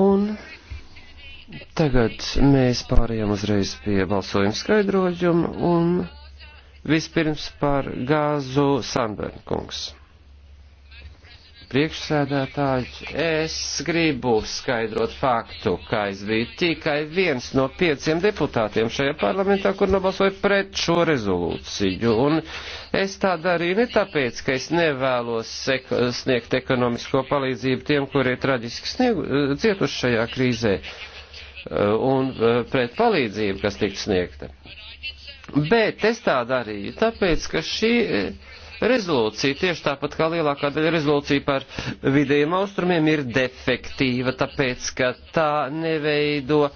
Un tagad mēs pārējām uzreiz pie balsojuma skaidrojuma un vispirms par gāzu Sandberg kungs priekšsēdētāji, es gribu skaidrot faktu, ka es biju tikai viens no pieciem deputātiem šajā parlamentā, kur nobalsoja pret šo rezolūciju. Un es tā darīju ne tāpēc, ka es nevēlos sniegt ekonomisko palīdzību tiem, kuri ir traģiski sniegu, cietuši šajā krīzē, eh, un eh, pret palīdzību, kas tiks sniegta. Bet es tā darīju, tāpēc, ka šī rezolūcija, tieši tāpat kā lielākā daļa rezolūcija par vidējiem austrumiem, ir defektīva, tāpēc, ka tā neveido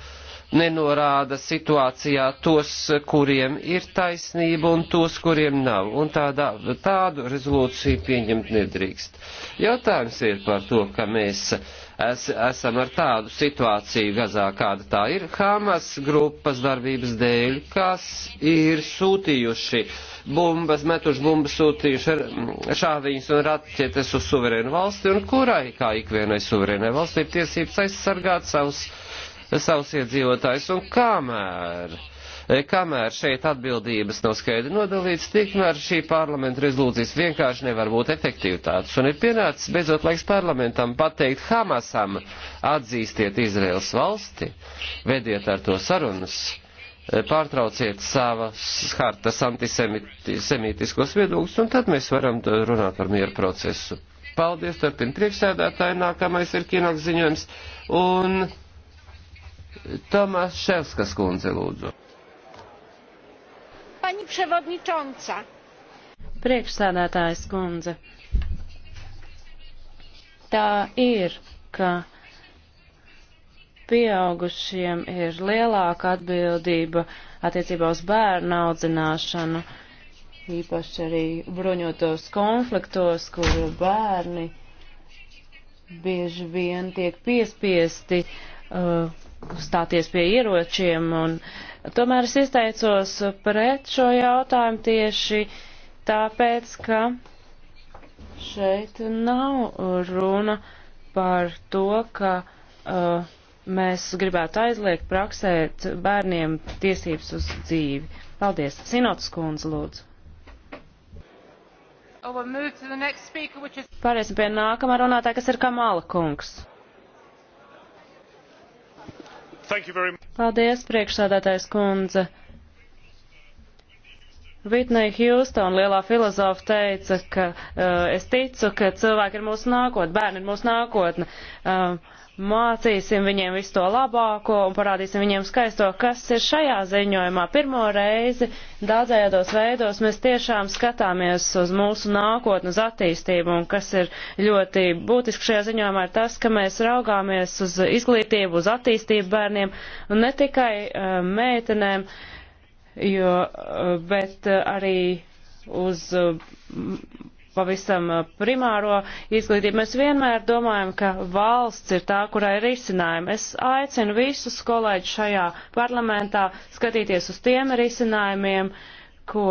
nenorāda situācijā tos, kuriem ir taisnība un tos, kuriem nav. Un tādā, tādu rezolūciju pieņemt nedrīkst. Jautājums ir par to, ka mēs uh, es, esam ar tādu situāciju Gazā, kāda tā ir Hamas grupas darbības dēļ, kas ir sūtījuši bumbas, metuši bumbas, sūtījuši šāviņus un raķetes uz suverēnu valsti, un kurai, kā ikvienai suverēnai valstī, ir tiesības aizsargāt savus, savus iedzīvotājus, un kamēr Eh, kamēr šeit atbildības nav skaidri nodalīts, tikmēr šī parlamenta rezolūcijas vienkārši nevar būt efektivitātes. Un ir pienācis beidzot laiks parlamentam pateikt Hamasam, atzīstiet Izraels valsti, vediet ar to sarunas eh, pārtrauciet savas hartas antisemītiskos viedokļus, un tad mēs varam runāt par mieru procesu. Paldies, turpina priekšsēdētāji, nākamais ir kinoks ziņojums, un Tomas Ševskas kundze lūdzu pani przewodnicząca! Priekšsēdētājs kundze. Tā ir, ka pieaugušiem ir lielāka atbildība attiecībā uz bērnu audzināšanu, īpaši arī bruņotos konfliktos, kur bērni bieži vien tiek piespiesti uh, stāties pie ieročiem, un tomēr es izteicos pret šo jautājumu tieši tāpēc, ka šeit nav runa par to, ka uh, mēs gribētu aizliegt praksēt bērniem tiesības uz dzīvi. Paldies. Sinots kundze, lūdzu. Oh, Pārēsim pie nākamā runātāja, kas ir Kamala kungs. Paldies, priekšsādātājs kundze. Vitnei Hjūstona lielā filozofa teica, ka uh, es ticu, ka cilvēki ir mūsu nākotne, bērni ir mūsu nākotne. Uh, mācīsim viņiem visu to labāko un parādīsim viņiem skaisto, kas ir šajā ziņojumā. Pirmo reizi daudzējādos veidos mēs tiešām skatāmies uz mūsu nākotnu, uz attīstību, un kas ir ļoti būtiski šajā ziņojumā ir tas, ka mēs raugāmies uz izglītību, uz attīstību bērniem un ne tikai uh, meitenēm, jo, uh, bet uh, arī uz. Uh, pavisam uh, primāro izglītību. Mēs vienmēr domājam, ka valsts ir tā, kurai ir risinājumi. Es aicinu visus kolēģus šajā parlamentā skatīties uz tiem risinājumiem, ko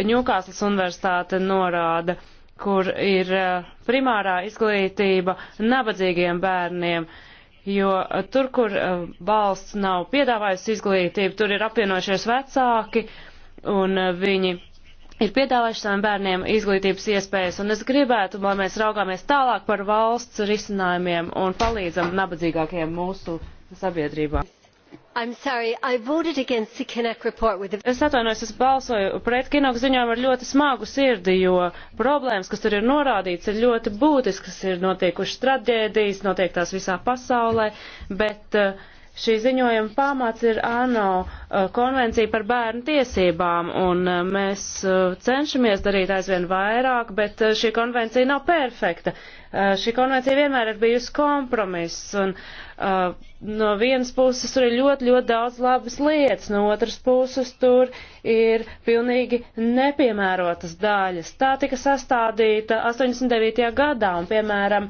Ņūkāslas universitāte norāda kur ir uh, primārā izglītība nabadzīgiem bērniem, jo uh, tur, kur valsts nav piedāvājusi izglītību, tur ir apvienojušies vecāki un viņi ir piedāvājuši saviem bērniem izglītības iespējas, un es gribētu, lai mēs raugāmies tālāk par valsts risinājumiem un palīdzam nabadzīgākajiem mūsu sabiedrībā. Sorry, the... Es atvainojos, es balsoju pret Kinok ziņojumu ar ļoti smagu sirdi, jo problēmas, kas tur ir norādīts, ir ļoti būtiskas, ir notiekušas traģēdijas, notiek tās visā pasaulē, bet uh, Šī ziņojuma pamats ir ANO eh, konvencija par bērnu tiesībām, un eh, mēs eh, cenšamies darīt aizvien vairāk, bet šī konvencija nav perfekta. Šī konvencija vienmēr ir bijusi kompromiss, un no vienas puses tur ir ļoti, ļoti daudz labas lietas, no otras puses tur ir pilnīgi nepiemērotas daļas. Tā tika sastādīta 89. gadā, un, piemēram,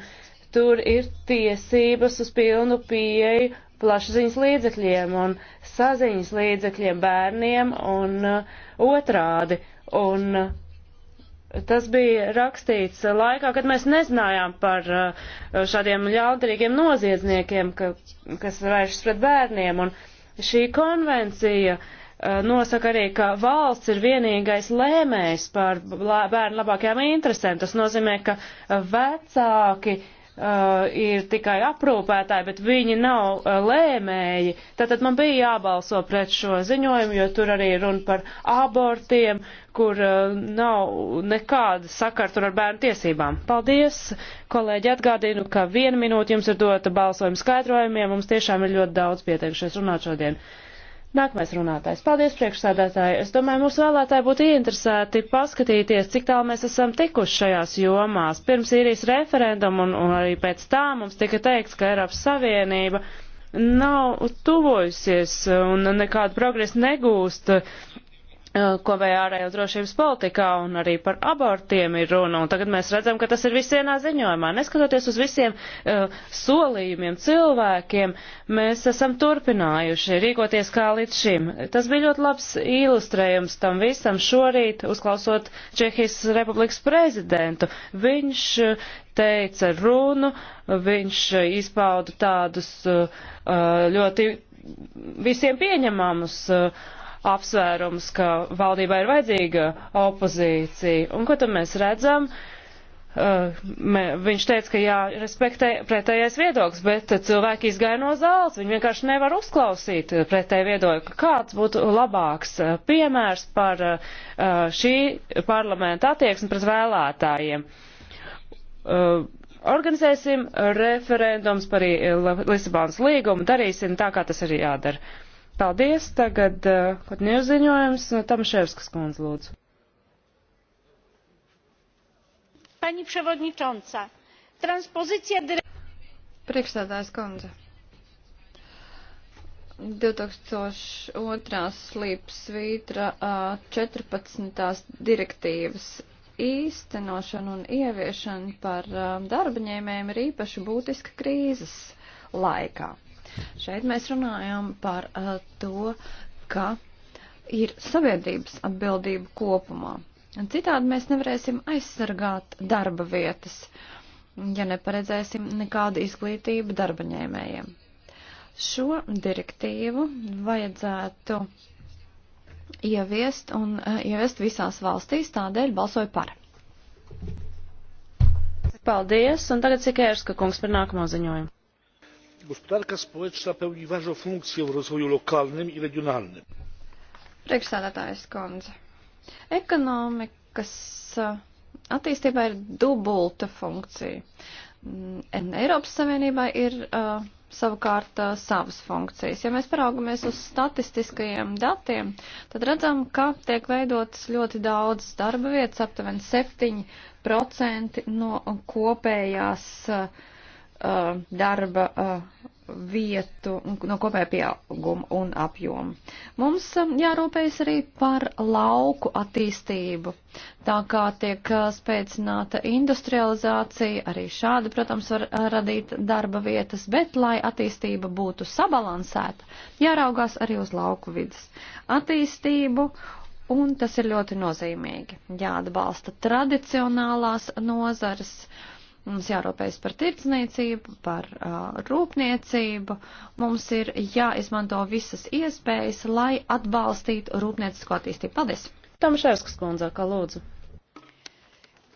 tur ir tiesības uz pilnu pieeju plašsaziņas līdzekļiem un saziņas līdzekļiem bērniem un uh, otrādi. Un uh, tas bija rakstīts laikā, kad mēs nezinājām par uh, šādiem ļaundarīgiem noziedzniekiem, ka, kas vēršas pret bērniem. Un šī konvencija uh, nosaka arī, ka valsts ir vienīgais lēmējs par bērnu labākajām interesēm. Tas nozīmē, ka vecāki uh, uh, ir tikai aprūpētāji, bet viņi nav uh, lēmēji. Tātad man bija jābalso pret šo ziņojumu, jo tur arī runa par abortiem, kur uh, nav nekāda sakara tur ar bērnu tiesībām. Paldies, kolēģi, atgādinu, ka viena minūte jums ir dota balsojuma skaidrojumiem. Mums tiešām ir ļoti daudz pieteikušies runāt šodien. Nākamais runātājs. Paldies, priekšsēdētāji. Es domāju, mūsu vēlētāji būtu ieinteresēti paskatīties, cik tālu mēs esam tikuši šajās jomās. Pirms īrijas referendumu un, un arī pēc tā mums tika teikts, ka Eiropas Savienība nav tuvojusies un nekādu progresu negūst Eh, kopējā ārējo drošības politikā un arī par abortiem ir runa. Un tagad mēs redzam, ka tas ir viss vienā ziņojumā. Neskatoties uz visiem uh, solījumiem cilvēkiem, mēs esam turpinājuši rīkoties kā līdz šim. Tas bija ļoti labs ilustrējums tam visam šorīt, uzklausot Čehijas republikas prezidentu. Viņš uh, teica runu, viņš uh, izpauda tādus uh, ļoti visiem pieņemamus. Uh, apsvērums, ka valdībā ir vajadzīga opozīcija. Un ko tad mēs redzam? Uh, mē, viņš teica, ka jārespektē pretējais viedoklis, bet cilvēki izgāja no zāles, viņi vienkārši nevar uzklausīt pretēju viedokli. Kāds būtu labāks uh, piemērs par uh, šī parlamenta attieksmi pret vēlētājiem? Uh, organizēsim referendums par Lisabonas līgumu, darīsim tā, kā tas ir jādara. Paldies, tagad uh, kaut neuzziņojums no Tamševskas kundze lūdzu. Pani Prevodničonca, transpozīcija direktīva. Priekšstādājs kundze. 2002. slīpsvītra 14. direktīvas īstenošana un ieviešana par darbaņēmējiem ir īpaši būtiska krīzes laikā. Šeit mēs runājam par uh, to, ka ir sabiedrības atbildība kopumā. Un citādi mēs nevarēsim aizsargāt darba vietas, ja neparedzēsim nekādu izglītību darbaņēmējiem. Šo direktīvu vajadzētu ieviest un uh, ieviest visās valstīs, tādēļ balsoju par. Paldies, un tagad Sikērska kungs par nākamo ziņojumu gospodarka społeczna pełni ważną funkcję w rozwoju lokalnym i reģionālnym. Priekšsēdētājs kundze. Ekonomikas eh, attīstībā ir dubulta funkcija. Un mm, Eiropas Savienībā ir uh, savukārt uh, savas funkcijas. Ja mēs paraugamies uz statistiskajiem datiem, tad redzam, ka tiek veidotas ļoti daudz darba vietas, aptuveni 7% no kopējās uh, uh, darba uh, vietu, no kopējā pieauguma un apjoma. Mums um, jārūpējas arī par lauku attīstību. Tā kā tiek uh, spēcināta industrializācija, arī šādi, protams, var uh, radīt darba vietas, bet, lai attīstība būtu sabalansēta, jāraugās arī uz lauku vidas attīstību. Un tas ir ļoti nozīmīgi. Jāatbalsta tradicionālās nozares. Uh, Mums jārūpējas par tirdzniecību, par uh, rūpniecību. Mums ir jāizmanto visas iespējas, lai atbalstītu rūpniecisko attīstību. Paldies! Tomšērskas kundze, kā lūdzu.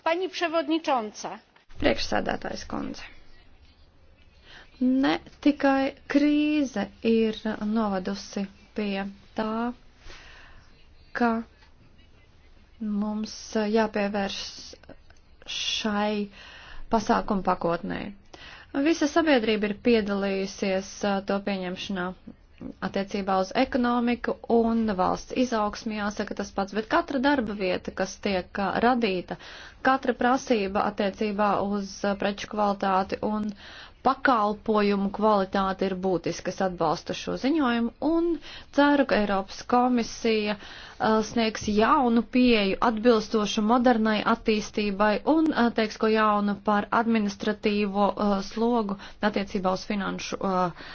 Pani Prevodničonca. Priekšsēdētājs kundze. Ne tikai krīze ir novadusi pie tā, ka mums jāpievērš šai uh, pasākumu pakotnē. Visa sabiedrība ir piedalījusies to pieņemšanā attiecībā uz ekonomiku un valsts izaugsmi jāsaka tas pats, bet katra darba vieta, kas tiek radīta, katra prasība attiecībā uz preču kvalitāti un pakalpojumu kvalitāte ir būtiska. Es atbalstu šo ziņojumu un ceru, ka Eiropas komisija uh, sniegs jaunu pieeju atbilstošu modernai attīstībai un uh, teiks ko jaunu par administratīvo uh, slogu attiecībā uz finanšu uh,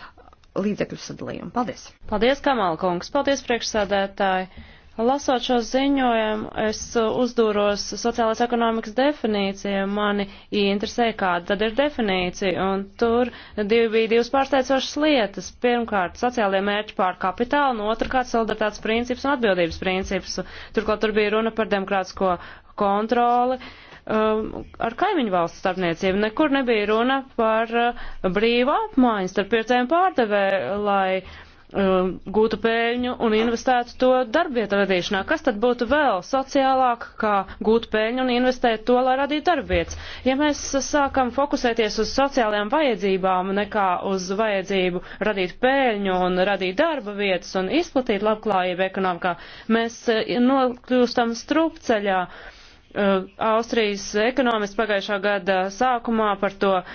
līdzekļu sadalījumu. Paldies! Paldies, Kamala kungs! Paldies, priekšsādētāji! Lasot šo ziņojumu, es uzdūros sociālās ekonomikas definīciju, mani interesē, kāda tad ir definīcija, un tur divi bija divas pārsteidzošas lietas. Pirmkārt, sociālie mērķi pār kapitālu, un otrkārt, solidaritātes princips un atbildības princips. Turklāt tur bija runa par demokrātisko kontroli. Um, ar kaimiņu valsts starpniecību nekur nebija runa par uh, brīvu apmaiņu starp pircēju un pārdevēju, lai uh, Um, gūtu pēļņu un investētu to darbvietu radīšanā. Kas tad būtu vēl sociālāk, kā gūt pēļņu un investēt to, lai radītu darbvietas? Ja mēs sākam fokusēties uz sociālajām vajadzībām, nekā uz vajadzību radīt pēļņu un radīt darba vietas un izplatīt labklājību ekonomikā, mēs eh, nokļūstam strupceļā. Uh, Eh, Austrijas ekonomists pagājušā gada sākumā par to eh,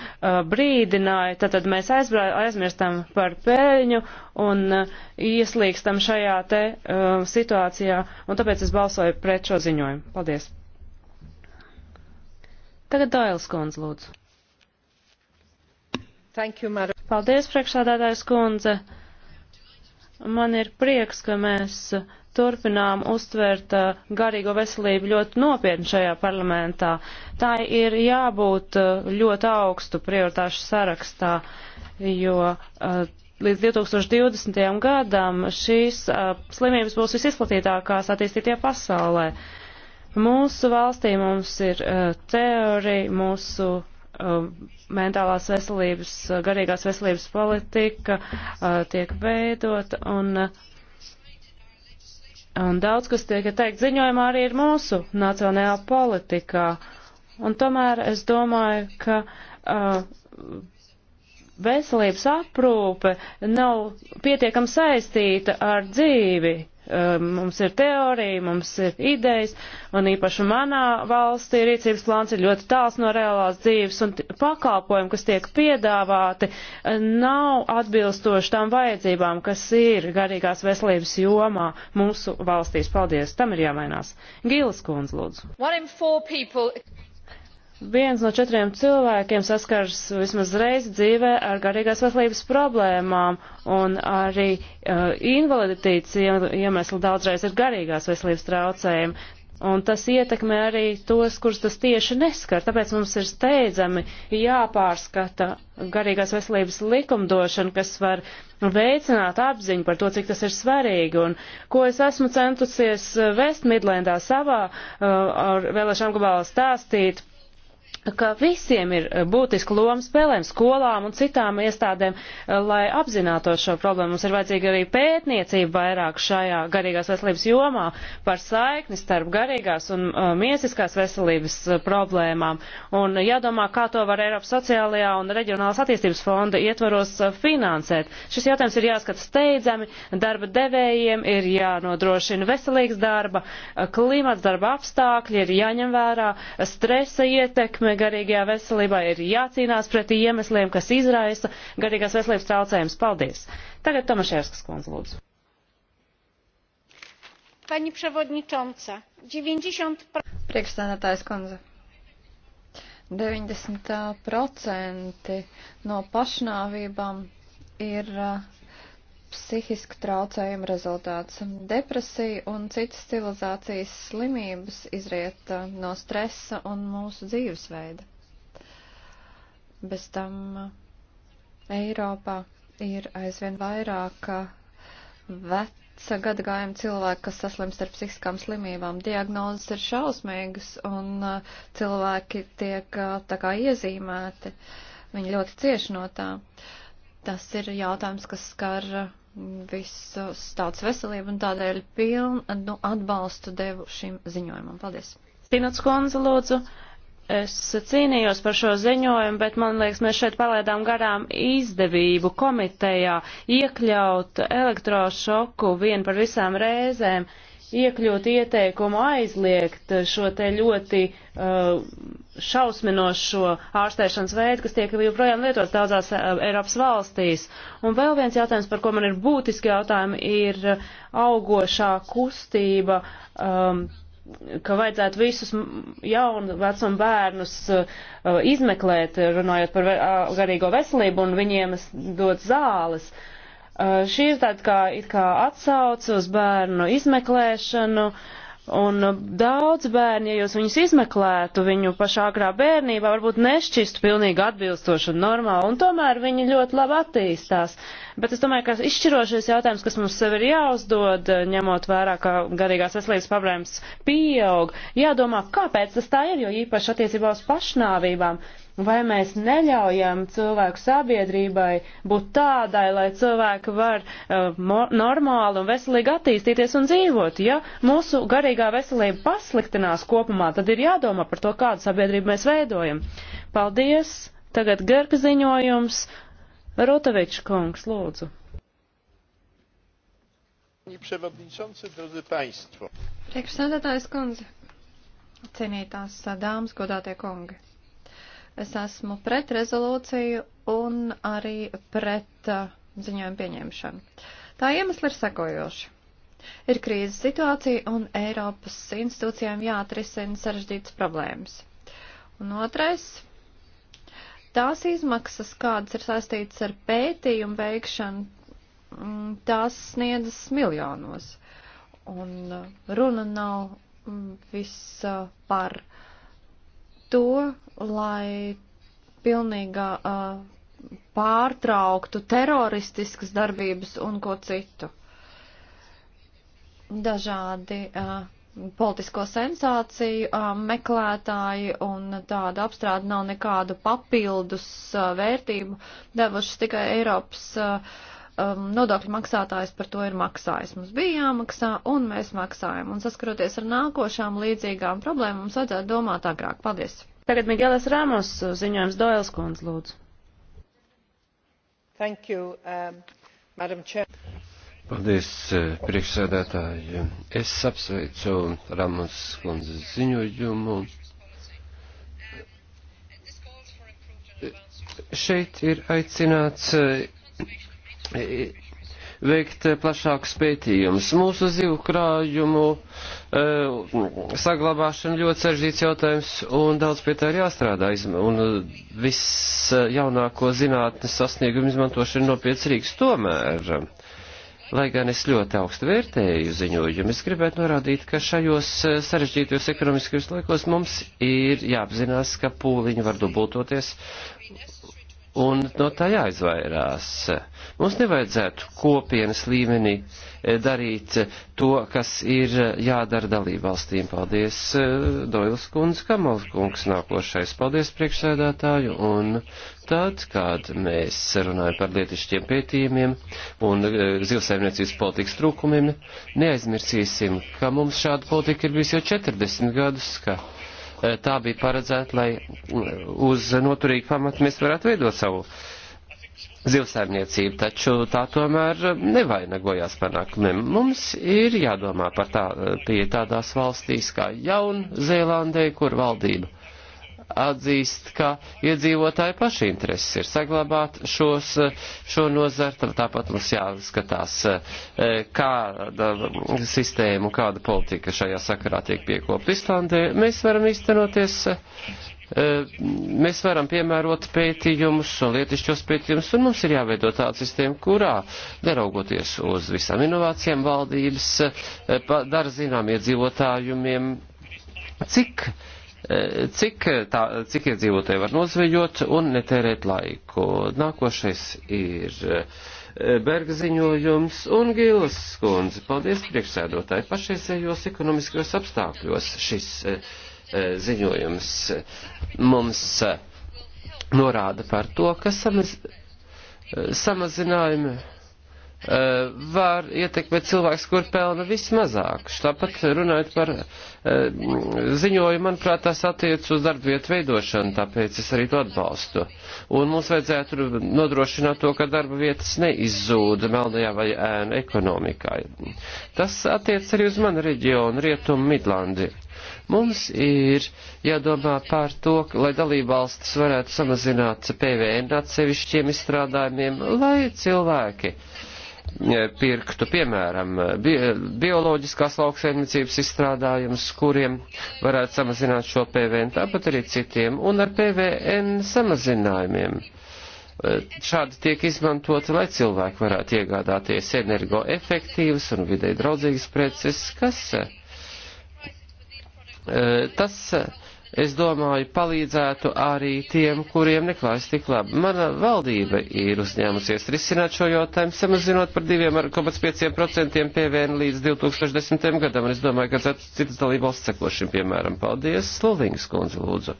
brīdināja, tātad mēs aizmirstam par pēļņu un eh, ieslīgstam šajā te situācijā, un tāpēc es balsoju pret šo ziņojumu. Paldies. Tagad Dāils Kons, lūdzu. Thank you, madam. Paldies, priekšsādātājs kundze. Man ir prieks, ka mēs turpinām uztvert uh, garīgo veselību ļoti nopietni šajā parlamentā. Tā ir jābūt uh, ļoti augstu prioritāšu sarakstā, jo uh, līdz 2020. gadam šīs uh, slimības būs visizplatītākās attīstītie pasaulē. Mūsu valstī mums ir uh, teorija, mūsu uh, mentālās veselības, garīgās veselības politika tiek veidota un Un daudz, kas tiek teikt ziņojumā, arī ir mūsu nacionālajā politikā. Un tomēr es domāju, ka uh, veselības aprūpe nav pietiekam saistīta ar dzīvi. Um, mums ir teorija, mums ir idejas, un īpaši manā valstī rīcības plāns ir ļoti tāls no reālās dzīves, un pakalpojumi, kas tiek piedāvāti, nav atbilstoši tām vajadzībām, kas ir garīgās veselības jomā mūsu valstīs. Paldies, tam ir jāmainās. Gīles kundz, lūdzu. Viens no četriem cilvēkiem saskars vismaz reizi dzīvē ar garīgās veselības problēmām, un arī uh, invaliditātes iemesli daudzreiz ir garīgās veselības traucējumi. Un tas ietekmē arī tos, kurus tas tieši neskar. Tāpēc mums ir steidzami jāpārskata garīgās veselības likumdošana, kas var veicināt apziņu par to, cik tas ir svarīgi. Un ko es esmu centusies uh, Vestmidlendā savā uh, ar vēlēšanu gabalā stāstīt ka visiem ir eh, būtiska loma spēlēm, skolām un citām iestādēm, eh, lai apzinātos šo problēmu. Mums ir vajadzīga arī pētniecība vairāk šajā garīgās veselības jomā par saikni starp garīgās un eh, miesiskās veselības problēmām. Un jādomā, kā to var Eiropas sociālajā un reģionālās attīstības fonda ietvaros finansēt. Šis jautājums ir jāskat steidzami, darba devējiem ir jānodrošina veselīgs darba, klimats, darba apstākļi ir jāņem vērā, stresa ietekme, garīgajā veselībā, ir jācīnās pret iemesliem, kas izraisa garīgās veselības traucējumus. Paldies! Tagad Tomaševskas kundze lūdzu. Pani Przewodnicząca, 90%. Priekšstādātājs kundze. 90% no pašnāvībām ir uh, psihisku traucējumu rezultāts. Depresija un citas civilizācijas slimības izriet uh, no stresa un mūsu dzīvesveida. Bez tam uh, Eiropā ir aizvien vairāk uh, veca gadagājuma cilvēki, kas saslimst ar psihiskām slimībām. Diagnozes ir šausmīgas un cilvēki tiek tā kā iezīmēti. Viņi ļoti cieši no tā. Tas ir jautājums, kas skar visus tautas veselību un tādēļ pilnu nu, atbalstu devu šim ziņojumam. Paldies! Pinots Konze, lūdzu, es cīnījos par šo ziņojumu, bet man liekas, mēs šeit palaidām garām izdevību komitejā iekļaut elektrošoku vien par visām reizēm. Uh, iekļūt ieteikumu aizliegt šo te ļoti uh, šausminošo ārstēšanas veidu, kas tiek joprojām lietots daudzās uh, Eiropas valstīs. Un vēl viens jautājums, par ko man ir būtiski jautājumi, ir uh, augošā kustība, um, ka vajadzētu visus jaunu vecumu bērnus uh, izmeklēt, runājot par uh, garīgo veselību, un viņiem dot zāles. Uh, Uh, šī ir tāda kā, kā atsauce uz bērnu izmeklēšanu, un daudz bērni, ja jūs viņus izmeklētu, viņu pašā agrā bērnībā varbūt nešķistu pilnīgi atbilstoši un normāli, un tomēr viņi ļoti labi attīstās. Bet es domāju, ka izšķirošais jautājums, kas mums sev ir jāuzdod, uh, ņemot vērā, ka garīgās veselības problēmas pieaug, jādomā, kāpēc tas tā ir, jo īpaši attiecībā uz pašnāvībām Vai mēs neļaujam cilvēku sabiedrībai būt tādai, lai cilvēki var uh, normāli un veselīgi attīstīties un dzīvot? Ja mūsu garīgā veselība pasliktinās kopumā, tad ir jādomā par to, kādu sabiedrību mēs veidojam. Paldies! Tagad garka ziņojums. Rotovičs kungs, lūdzu. Priekšsēdētājs kundze, cienītās dāmas, godātie kungi. Es esmu pret rezolūciju un arī pret uh, ziņojumu pieņemšanu. Tā iemesli ir sekojoši. Ir krīzes situācija un Eiropas institūcijām jāatrisina sarežģītas problēmas. Un otrais tās izmaksas, kādas ir saistītas ar pētījumu veikšanu, mm, tās sniedzas miljonos. Un uh, runa nav mm, viss uh, par to, lai pilnīgā uh, pārtrauktu teroristiskas darbības un ko citu. Dažādi uh, politisko sensāciju uh, meklētāji un tāda apstrāde nav nekādu papildus uh, vērtību devušas tikai Eiropas uh, um, nodokļu maksātājs par to ir maksājis. Mums bija jāmaksā, un mēs maksājam. Un saskaroties ar nākošām līdzīgām problēmām, mums vajadzētu domāt agrāk. Paldies! Tagad Miguelas Ramos ziņojums Doils Kundz, lūdzu. Thank you, um, Madam Chair. Paldies, uh, priekšsēdētāji. Es apsveicu Ramos Kundzes ziņojumu. Šeit ir aicināts uh, veikt plašākus pētījumus. Mūsu zivu krājumu e, saglabāšana ļoti sarežģīts jautājums un daudz pie tā ir jāstrādā. Un e, viss e, jaunāko zinātnes sasniegumu izmantošana nopietns rīks tomēr. Lai gan es ļoti augstu vērtēju ziņojumu, es gribētu norādīt, ka šajos e, sarežģītos ekonomiskajos laikos mums ir jāapzinās, ka pūliņi var dubultoties un no tā jāizvairās. Mums nevajadzētu kopienas līmenī e, darīt to, kas ir e, jādara dalībvalstīm. Paldies, e, Doils kundze, Kamals kungs nākošais. Paldies, priekšsēdētāju, un tad, kad mēs runājam par lietišķiem pētījumiem un zilsaimniecības politikas trūkumiem, neaizmirsīsim, ka mums šāda politika ir bijusi jau 40 gadus, ka Eh, tā bija paredzēta, lai uz noturīgu pamatu mēs varētu veidot savu zivsaimniecību, taču tā tomēr nevainagojās panākumiem. Mums ir jādomā par tā pie tādās valstīs kā Jaunzēlandē, kur valdība atzīst, ka iedzīvotāju paši intereses ir saglabāt šos, šo nozaru, tāpat mums jāskatās, e, kāda sistēma un kāda politika šajā sakarā tiek piekopt Islandē. Mēs varam iztenoties e, mēs varam piemērot pētījumus un lietišķos pētījumus, un mums ir jāveido tāda sistēma, kurā, neraugoties uz visām inovācijām, valdības e, dara zinām iedzīvotājumiem, cik uh, cik, tā, cik iedzīvotāji var nozveļot un netērēt laiku. Nākošais ir e, Berga ziņojums un Gilas skundze. Paldies priekšsēdotāji pašreizējos ekonomiskajos apstākļos šis e, e, ziņojums mums norāda par to, ka samaz, samazinājumi Eh, var ietekmēt cilvēks, kur pelna vismazāk. Tāpat runājot par eh, ziņojumu, manuprāt, tas attiec uz darbvietu veidošanu, tāpēc es arī to atbalstu. Un mums vajadzētu nodrošināt to, ka darba vietas neizzūda meldajā vai ēna ekonomikā. Tas attiec arī uz manu reģionu, Rietumu Midlandi. Mums ir jādomā par to, lai dalībvalstis varētu samazināt PVN atsevišķiem izstrādājumiem, lai cilvēki uh, E, pirktu, piemēram, bi e, bioloģiskās lauksaimniecības izstrādājumus, kuriem varētu samazināt šo PVN, tāpat arī citiem, un ar PVN samazinājumiem. E, šādi tiek izmantoti, lai cilvēki varētu iegādāties energoefektīvas un videi draudzīgas preces, kas tas es domāju, palīdzētu arī tiem, kuriem neklājas tik labi. Mana valdība ir uzņēmusies risināt šo jautājumu, samazinot par 2,5% PVN līdz 2010. gadam, un es domāju, ka citas dalībvalsts sekošiem, piemēram, paldies, Slovingas kundze, lūdzu.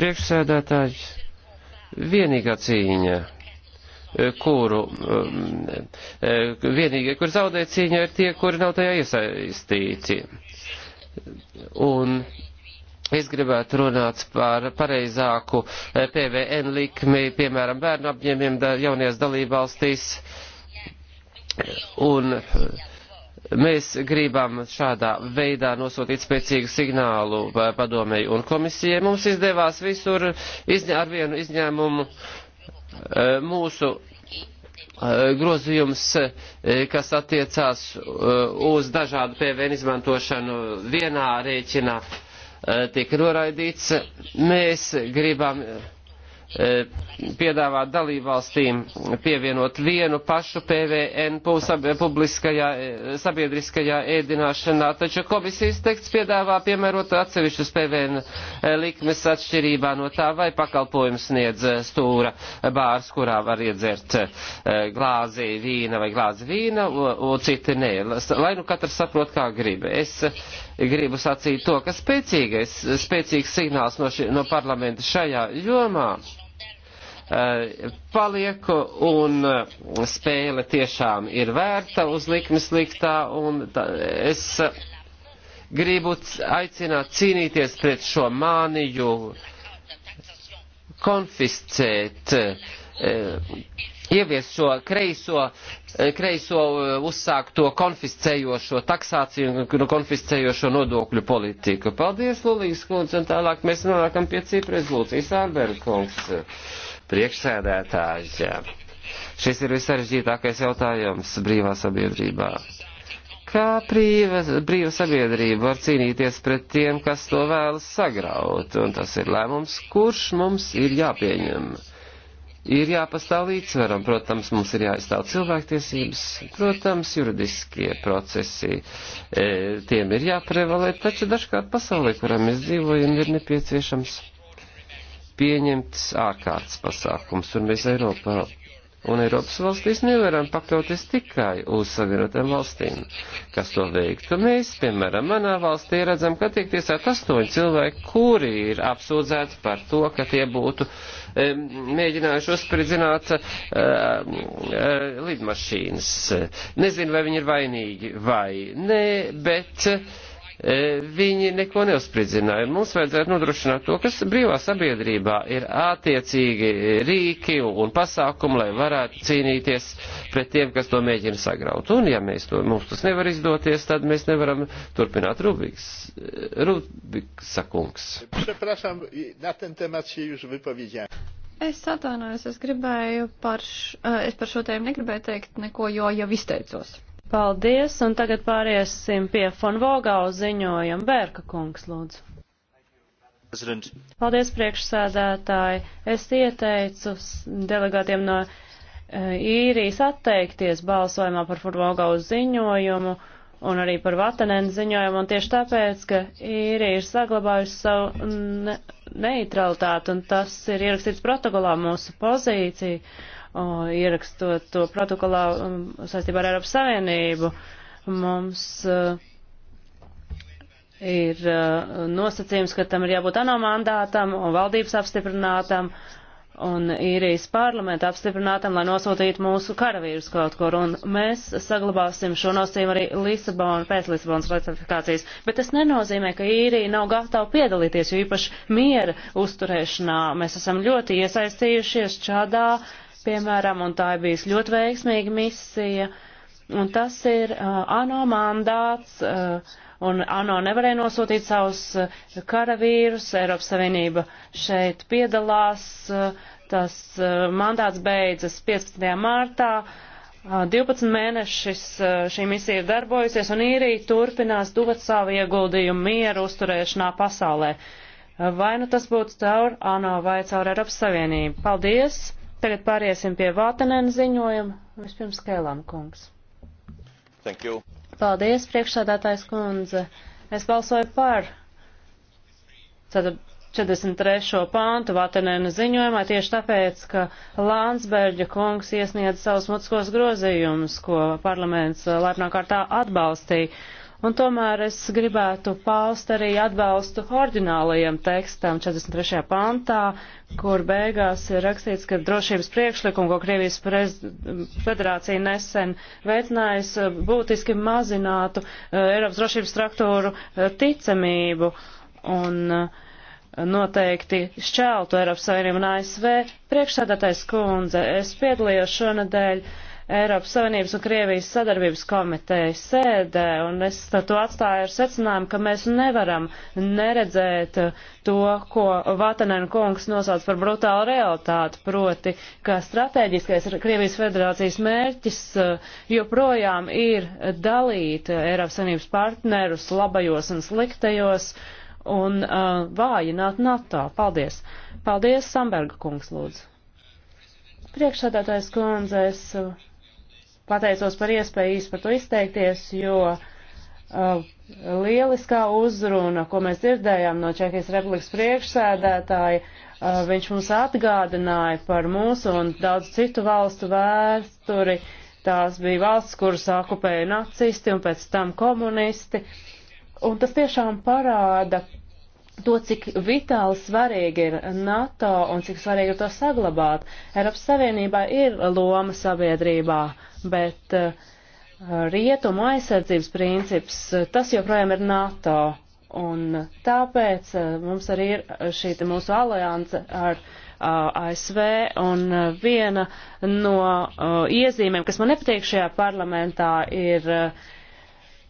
Priekšsēdētāji, vienīgā cīņa kuru um, mm, e, e, vienīgie, kur zaudē cīņa, ir tie, kuri nav tajā iesaistīti. Un Es gribētu runāt par pareizāku eh, PVN likmi, piemēram, bērnu apņēmiem jaunies dalībvalstīs. Un eh, mēs gribam šādā veidā nosūtīt spēcīgu signālu eh, padomēju un komisijai. Mums izdevās visur izņ ar vienu izņēmumu mūsu Eh, grozījums, eh, kas attiecās eh, uz dažādu PVN izmantošanu vienā rēķinā, tika noraidīts. Mēs gribam E, piedāvāt dalībvalstīm pievienot vienu pašu PVN publiskajā e, sabiedriskajā ēdināšanā, taču komisijas teksts piedāvā piemērot atsevišķus PVN e, likmes atšķirībā no tā, vai pakalpojums sniedz stūra bārs, kurā var iedzert glāzi vīna vai glāzi vīna, un citi nē. Lai nu katrs saprot, kā grib. Es gribu sacīt to, ka spēcīgais, spēcīgs signāls no, ši, no parlamenta šajā jomā Eh, palieku un eh, spēle tiešām ir vērta uz likmes liktā un tā, es eh, gribu aicināt cīnīties pret šo māniju, konfiscēt, ievies šo kreiso, kreiso uzsākto konfiscējošo taksāciju un nu, konfiscējošo nodokļu politiku. Paldies, Lulīgas kundze, un tālāk mēs nonākam pie Cipra rezolūcijas Ārberga kungs priekšsēdētāji. Šis ir visarežģītākais jautājums brīvā sabiedrībā. Kā brīva, brīva sabiedrība var cīnīties pret tiem, kas to vēlas sagraut? Un tas ir lēmums, kurš mums ir jāpieņem. Ir jāpastāv līdzsveram, protams, mums ir jāizstāv cilvēktiesības, protams, juridiskie procesi, e, tiem ir jāprevalē, taču dažkārt pasaulē, kurā mēs dzīvojam, ir nepieciešams pieņemts ārkārtas pasākums, un mēs Eiropā un Eiropas valstīs nevaram pakļauties tikai uz savienotām valstīm, kas to veiktu. Mēs, piemēram, manā valstī redzam, ka tiek tiesāti astoņi cilvēki, kuri ir apsūdzēti par to, ka tie būtu e, mēģinājuši uzspridzināt e, e, lidmašīnas. Nezinu, vai viņi ir vainīgi vai nē, bet. E, E, viņi neko neuzspridzināja. Mums vajadzētu nodrošināt to, kas brīvā sabiedrībā ir attiecīgi rīki un pasākumi, lai varētu cīnīties pret tiem, kas to mēģina sagraut. Un ja mēs to, mums tas nevar izdoties, tad mēs nevaram turpināt Rubiks, Rubiks sakungs. Es atvainojos, es gribēju par, š, eh, es par šo tēmu negribēju teikt neko, jo jau izteicos. Paldies, un tagad pāriesim pie Fonvogau ziņojuma. Vērka kungs, lūdzu. Paldies, priekšsēdētāji. Es ieteicu delegātiem no e, īrijas atteikties balsojumā par Fonvogau ziņojumu un arī par Vatanēnu ziņojumu, un tieši tāpēc, ka īrija ir saglabājusi savu ne neutralitāti, un tas ir ierakstīts protokolā mūsu pozīcija ierakstot to protokolā um, saistībā ar Eiropas Savienību. Mums uh, ir uh, nosacījums, ka tam ir jābūt ANO mandātam un valdības apstiprinātam un īrijas parlamenta apstiprinātam, lai nosūtītu mūsu karavīrus kaut kur. Un mēs saglabāsim šo nosīm arī Lisabonu pēc Lisabonas ratifikācijas. Bet tas nenozīmē, ka īrija nav gatava piedalīties, jo īpaši miera uzturēšanā mēs esam ļoti iesaistījušies šādā piemēram, un tā ir bijusi ļoti veiksmīga misija. Un tas ir uh, ANO mandāts, uh, un ANO nevarēja nosūtīt savus uh, karavīrus, Eiropas Savienība šeit piedalās, uh, tas uh, mandāts beidzas 15. martā, uh, 12 mēnešus uh, šī misija ir darbojusies, un īrija turpinās dot savu ieguldījumu mieru uzturēšanā pasaulē. Uh, vai nu tas būtu caur ANO vai caur Eiropas Savienību. Paldies! Tagad pāriesim pie Vātenēna ziņojuma. Vispirms Kēlām kungs. Thank you. Paldies, priekšsādātājs kundze. Es balsoju par 43. pāntu Vatenēna ziņojumā tieši tāpēc, ka Lānsberģa kungs iesniedz savus mutiskos grozījumus, ko parlaments eh, laipnā kārtā atbalstīja. Un tomēr es gribētu paust arī atbalstu ordinālajiem tekstam 43. pantā, kur beigās ir rakstīts, ka drošības priekšlikumu, ko Krievijas prez... federācija nesen veicinājis, būtiski mazinātu eh, Eiropas drošības struktūru eh, ticamību. Un, uh, noteikti šķeltu Eiropas Savienību un ASV. Priekšsēdētais kundze, es piedalījos šonadēļ uh, Eiropas Savienības un Krievijas sadarbības komiteja sēdē, un es to atstāju ar secinājumu, ka mēs nevaram neredzēt to, ko Vatanen kungs nosauc par brutālu realitāti, proti, ka strateģiskais Krievijas federācijas mērķis eh, joprojām ir dalīt Eiropas Savienības partnerus labajos un sliktajos un uh, vājināt NATO. Paldies. Paldies, Samberga kungs, lūdzu. Priekšsēdētājs kundze, es pateicos par iespēju īsti par to izteikties, jo uh, lieliskā uzruna, ko mēs dzirdējām no Čehijas republikas priekšsēdētāja, uh, viņš mums atgādināja par mūsu un daudz citu valstu vēsturi. Tās bija valsts, kuras okupēja nacisti un pēc tam komunisti. Un tas tiešām parāda to, cik vitāli svarīgi ir NATO un cik svarīgi ir to saglabāt. Eiropas Savienībā ir loma sabiedrībā. Uh, bet eh, rietumu aizsardzības princips, eh, tas joprojām ir NATO. Un tāpēc eh, mums arī ir šī mūsu alianse ar ASV un viena no iezīmēm, kas man nepatīk šajā parlamentā, ir uh,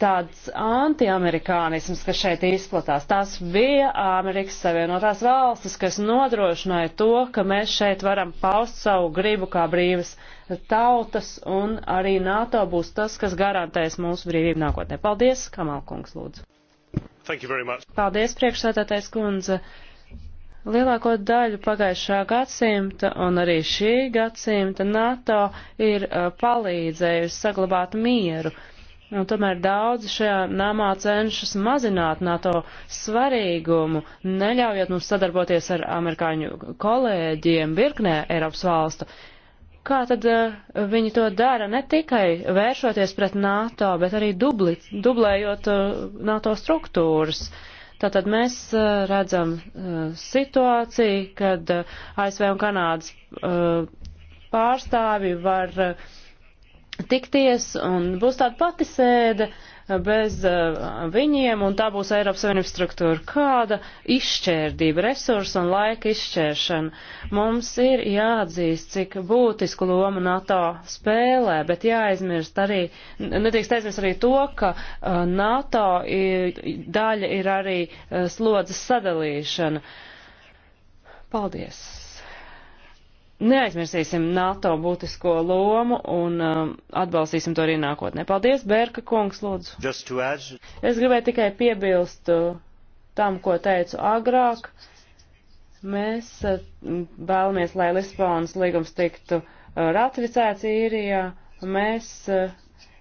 tāds antiamerikānisms, kas šeit izplatās. Tās bija Amerikas Savienotās valstis, kas nodrošināja to, ka mēs šeit varam paust savu gribu kā brīvas tautas, un arī NATO būs tas, kas garantēs mūsu brīvību nākotnē. Paldies, Kamalkungs, lūdzu. Paldies, priekšsēdētais kundze. Lielāko daļu pagājušā gadsimta un arī šī gadsimta NATO ir uh, palīdzējusi saglabāt mieru. Uh, Un nu, tomēr daudzi šajā namā cenšas mazināt NATO svarīgumu, neļaujot mums sadarboties ar amerikāņu kolēģiem virknē Eiropas valstu. Kā tad uh, viņi to dara ne tikai vēršoties pret NATO, bet arī dubli, dublējot uh, NATO struktūras? Tātad mēs uh, redzam situāciju, kad ASV un Kanādas pārstāvi var uh, tikties un būs tāda pati sēde eh, bez eh, viņiem un tā būs Eiropas Savienības struktūra. Kāda izšķērdība, resursu un laika izšķēršana? Mums ir jāatzīst, cik būtisku lomu NATO spēlē, bet jāaizmirst arī, netiekst aizmirst arī to, ka eh, NATO ir, daļa ir arī slodzes sadalīšana. Paldies! neaizmirsīsim NATO būtisko lomu un um, atbalstīsim to arī nākotnē. Paldies, Bērka kungs, lūdzu. Es gribēju tikai piebilst uh, tam, ko teicu agrāk. Mēs uh, vēlamies, lai Lisbonas līgums tiktu uh, ratificēts īrijā. Mēs uh,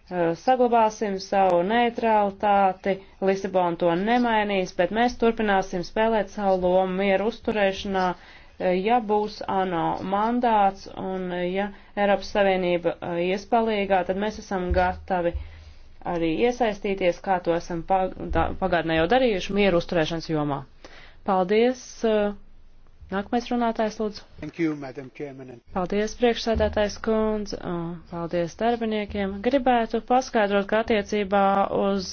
uh saglabāsim savu neutralitāti, Lisabona to nemainīs, bet mēs turpināsim spēlēt savu lomu mieru uzturēšanā. Uh, Eh, ja būs ANO mandāts un eh, ja Eiropas Savienība eh, ies palīgā, tad mēs esam gatavi arī iesaistīties, kā to esam pagātnē jau darījuši, mieru uzturēšanas jomā. Paldies! Nākamais runātājs, lūdzu. Thank you, paldies, priekšsēdētājs kundze, un paldies darbiniekiem. Gribētu paskaidrot, ka attiecībā uz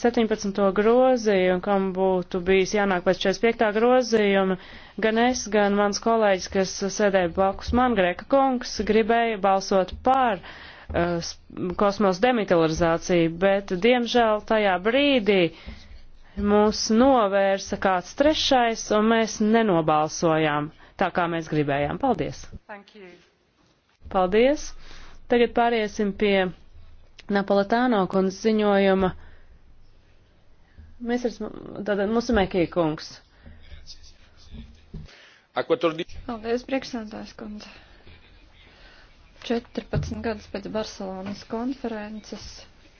17. grozījumu, kam būtu bijis jānāk pēc 45. grozījuma, Gan es, gan mans kolēģis, kas sēdēja blakus man, Greka kungs, gribēja balsot par uh, kosmos demilitarizāciju, bet, diemžēl, tajā brīdī mūs novērsa kāds trešais, un mēs nenobalsojām tā, kā mēs gribējām. Paldies! Paldies! Tagad pāriesim pie Napolitāno kundzes ziņojuma. Mēs esam, tātad Musumekī kungs. Paldies, priekšsēdājs kundze. 14 gadus pēc Barcelonas konferences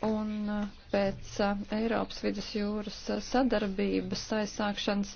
un uh, pēc uh, Eiropas vidus jūras uh, sadarbības aizsākšanas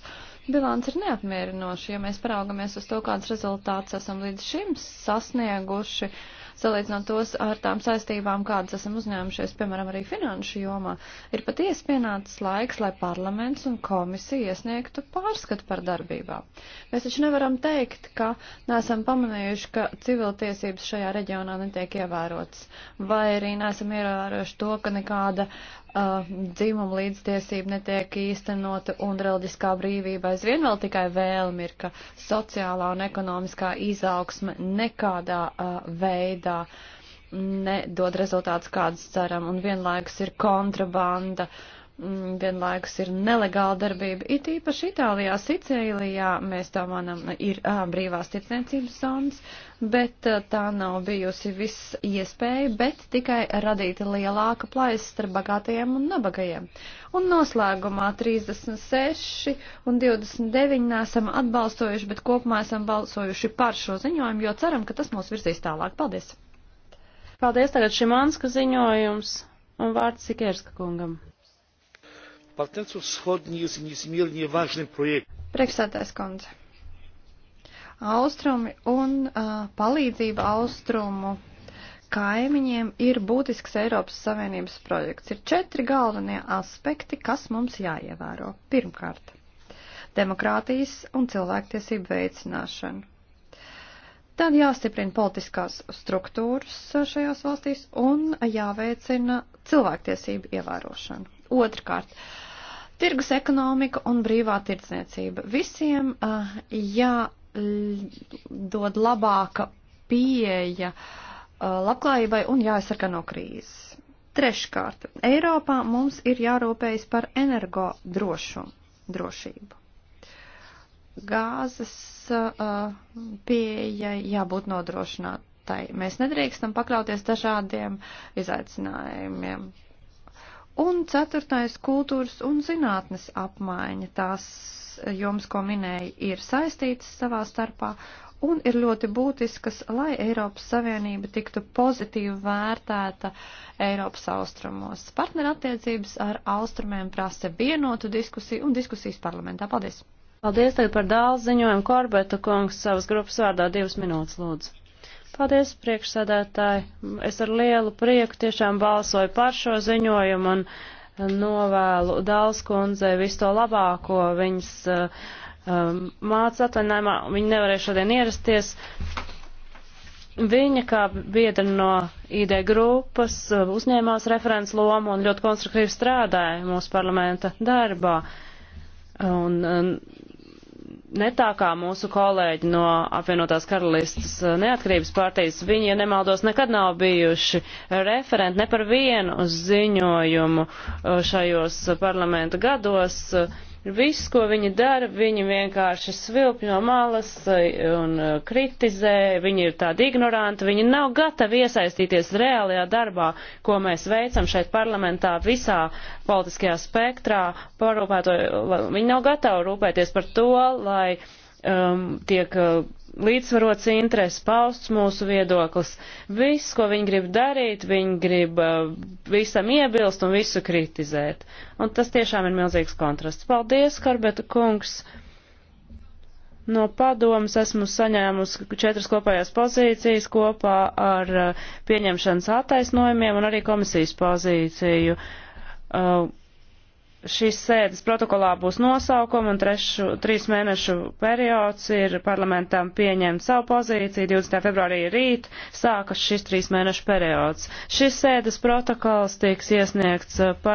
bilants ir neapmierinoši. Ja mēs paraugamies uz to, kāds rezultāts esam līdz šim sasnieguši, uh, salīdzinot tos ar tām saistībām, kādas esam uzņēmušies, piemēram, arī finanšu jomā, ir patiesi pienācis laiks, lai parlaments un komisija iesniegtu pārskatu par darbībām. Mēs taču nevaram teikt, ka neesam pamanījuši, ka civiltiesības šajā reģionā netiek ievērotas, vai arī neesam ievērojuši to, ka nekāda uh, uh, dzimuma līdztiesība netiek īstenota un reliģiskā brīvība aizvien vēl tikai vēlmi ir, ka sociālā un ekonomiskā izaugsme nekādā uh, veidā nedod rezultātus, kādas ceram, un vienlaikus ir kontrabanda. Uh, vienlaikus ir nelegāla darbība. It īpaši Itālijā, Sicīlijā, mēs tā manam, ir ā, brīvās tirdzniecības zonas, bet tā nav bijusi viss iespēja, bet tikai radīta lielāka plaisa starp bagātajiem un nabagajiem. Un noslēgumā 36 un 29 nesam atbalstojuši, bet kopumā esam balsojuši par šo ziņojumu, jo ceram, ka tas mūs virzīs tālāk. Paldies! Paldies tagad Šimanska ziņojums un vārds Sikerska kungam partnerstwo wschodnie jest niezmiernie ważnym projektem. Priekšsēdētājs kundze. Austrumi un uh, palīdzība austrumu kaimiņiem ir būtisks Eiropas Savienības projekts. Ir četri galvenie aspekti, kas mums jāievēro. Pirmkārt, demokrātijas un cilvēktiesību veicināšana. Tad jāstiprina politiskās struktūras šajās valstīs un jāveicina cilvēktiesību ievērošana. Otrkārt, uh, Tirgus ekonomika un brīvā tirdzniecība. Visiem uh, eh, jādod labāka pieeja uh, labklājībai un jāaizsarga no krīzes. Treškārt, Eiropā mums ir jārūpējas par energo drošumu, drošību. Gāzes uh, eh, pieejai jābūt nodrošinātai. Mēs nedrīkstam pakļauties dažādiem izaicinājumiem Un ceturtais - kultūras un zinātnes apmaiņa. Tās jums, ko minēju, ir saistītas savā starpā un ir ļoti būtiskas, lai Eiropas Savienība tiktu pozitīvi vērtēta Eiropas austrumos. Partnerattiecības ar austrumiem prasa vienotu diskusiju un diskusijas parlamentā. Paldies! Paldies tagad par dālu ziņojumu. Korbeta kungs savas grupas vārdā divas minūtes lūdzu. Paldies, priekšsēdētāji. Es ar lielu prieku tiešām balsoju par šo ziņojumu un uh, novēlu Dāls kundzei visu to labāko viņas uh, um, māca atvaļinājumā. Viņa nevarēja šodien ierasties. Viņa, kā biedra no ID grupas, uh, uzņēmās referents lomu un ļoti konstruktīvi strādāja mūsu parlamenta darbā. Un, un ne tā kā mūsu kolēģi no apvienotās karalistas eh, neatkarības partijas, viņi, ja nemaldos, nekad nav bijuši referenti ne par vienu ziņojumu eh, šajos parlamenta gados. Uh, Viss, ko viņi dara, viņi vienkārši svilp no malas eh, un eh, kritizē, viņi ir tādi ignoranti, viņi nav gatavi iesaistīties reālajā darbā, ko mēs veicam šeit parlamentā visā politiskajā spektrā, parūpēto, viņi nav gatavi rūpēties par to, lai um, tiek uh, līdzsvarots interesi, pausts mūsu viedoklis. Viss, ko viņi grib darīt, viņi grib uh, visam iebilst un visu kritizēt. Un tas tiešām ir milzīgs kontrasts. Paldies, Karbeta kungs! No padomas esmu saņēmusi četras kopējās pozīcijas kopā ar uh, pieņemšanas attaisnojumiem un arī komisijas pozīciju. Uh, šīs sēdes protokolā būs nosaukumi un trešu, trīs mēnešu periods ir parlamentam pieņemt savu pozīciju. 20. februārī rīt sākas šis trīs mēnešu periods. Šis sēdes protokols tiks iesniegts eh, par